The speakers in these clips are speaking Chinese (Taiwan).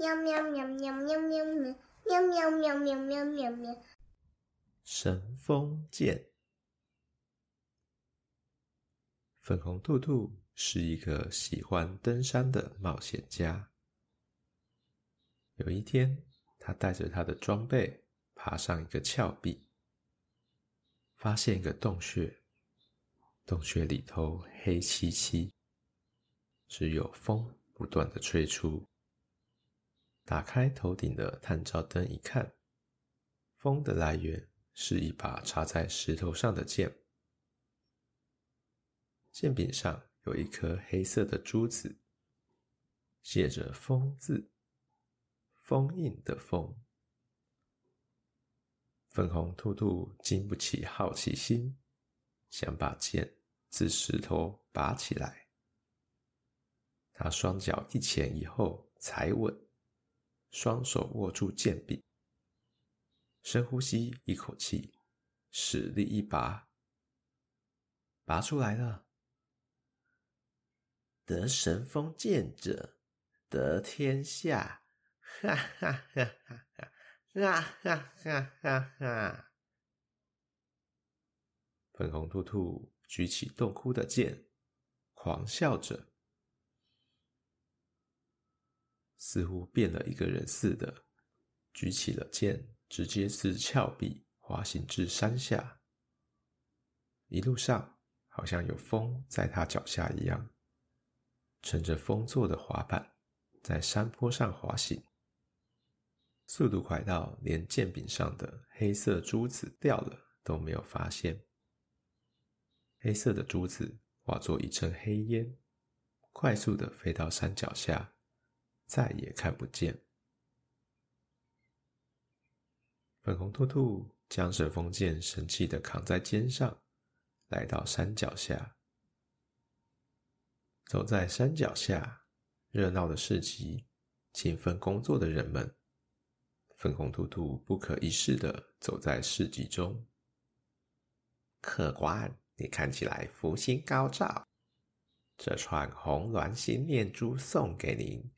喵喵喵喵喵喵喵喵喵喵喵喵！神風劍。粉紅兔兔是一個喜歡登山的冒險家。有一天，他帶着他的裝備爬上一個峭壁，發現一個洞穴。洞穴裡頭黑漆漆，只有風不斷的吹出。打開頭頂的探照燈一看，風的來源是一把插在石頭上的劍，劍柄上有一顆黑色的珠子，寫着“封”字，封印的封。粉紅兔兔經不起好奇心，想把劍自石頭拔起來，他雙腳一前一後踩穩。雙手握住劍柄，深呼吸一口氣，使力一拔，拔出來了！得神風劍者，得天下！哈哈哈哈！哈哈哈哈！粉紅兔兔舉起洞窟的劍，狂笑着。似乎變了一個人似的，舉起了劍，直接自峭壁滑行至山下。一路上好像有風在他腳下一樣，乘着風做的滑板在山坡上滑行，速度快到連劍柄上的黑色珠子掉了都沒有發現。黑色的珠子化作一陣黑煙，快速的飛到山腳下。再也看不見。粉紅兔兔將神風劍神氣的扛在肩上，來到山腳下。走在山腳下，熱鬧的市集，勤奮工作的人們。粉紅兔兔不可一世的走在市集中。客官，你看起來福星高照，這串紅鸞星念珠送給您。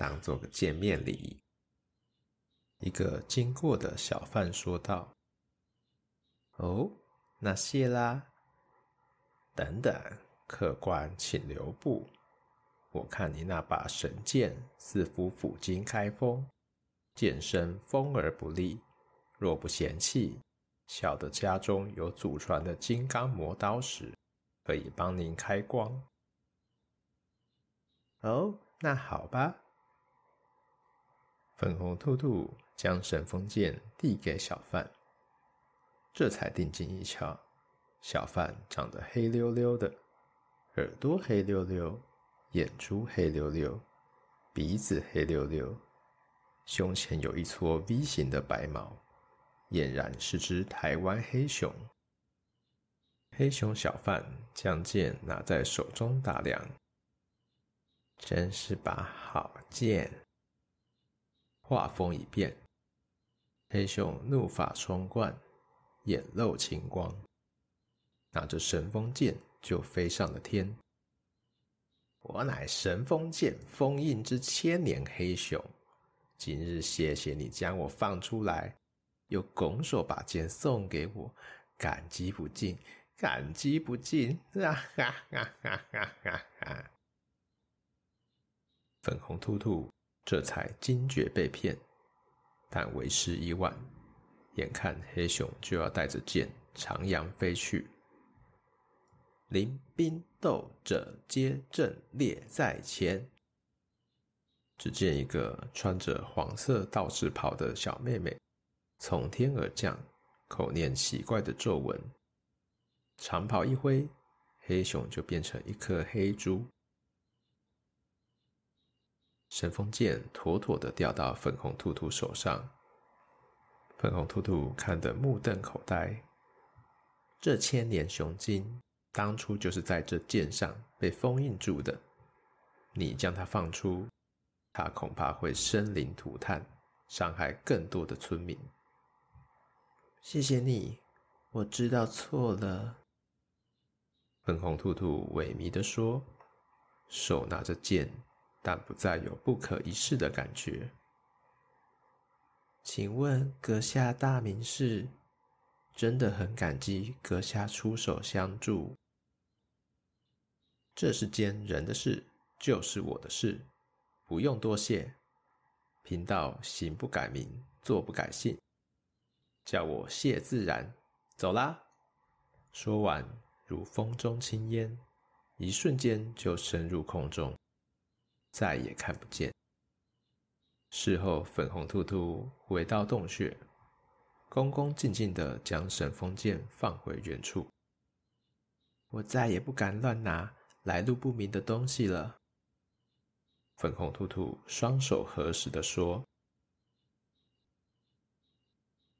當做個見面禮。一個經過的小販說道：“哦，那謝啦。等等，客官請留步。我看你那把神劍似乎撫經開封，劍身鋒而不利。若不嫌棄，小的家中有祖傳的金剛磨刀石，可以幫您開光。哦，那好吧。”粉紅兔兔將神風劍遞給小販，這才定睛一瞧，小販長得黑溜溜的，耳朵黑溜溜，眼珠黑溜溜，鼻子黑溜溜，胸前有一撮 V 型的白毛，儼然是隻台灣黑熊。黑熊小販將劍拿在手中打量，真是把好劍。畫風一變，黑熊怒髮衝冠，眼露青光，拿着神風劍就飛上了天。我乃神風劍封印之千年黑熊，今日謝謝你將我放出來，又拱手把劍送給我，感激不盡，感激不盡！啊哈哈哈哈哈！啊啊啊啊、粉紅兔兔。這才驚覺被騙，但為時已晚。眼看黑熊就要帶着劍長揚飛去，臨兵鬥者皆陣列在前。只見一個穿着黃色道士袍的小妹妹從天而降，口念奇怪的咒文，長袍一揮，黑熊就變成一顆黑珠。神風劍妥妥的掉到粉紅兔兔手上，粉紅兔兔看得目瞪口呆。這千年雄精當初就是在這劍上被封印住的，你將它放出，它恐怕會生靈塗炭，傷害更多的村民。謝謝你，我知道錯了。粉紅兔兔萎靡的說，手拿着劍。但不再有不可一世的感覺。請問閣下大名是？真的很感激閣下出手相助。這世間人的事，就是我的事，不用多謝。貧道行不改名，坐不改姓，叫我謝自然，走啦。說完，如風中青煙，一瞬間就深入空中。再也看不見。事後，粉紅兔兔回到洞穴，恭恭敬敬的將神風劍放回原處。我再也不敢亂拿來路不明的東西了。粉紅兔兔雙手合十的說：“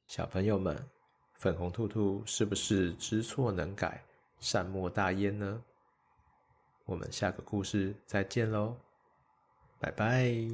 小朋友們，粉紅兔兔是不是知錯能改、善莫大焉呢？”我們下個故事再見嘍！拜拜。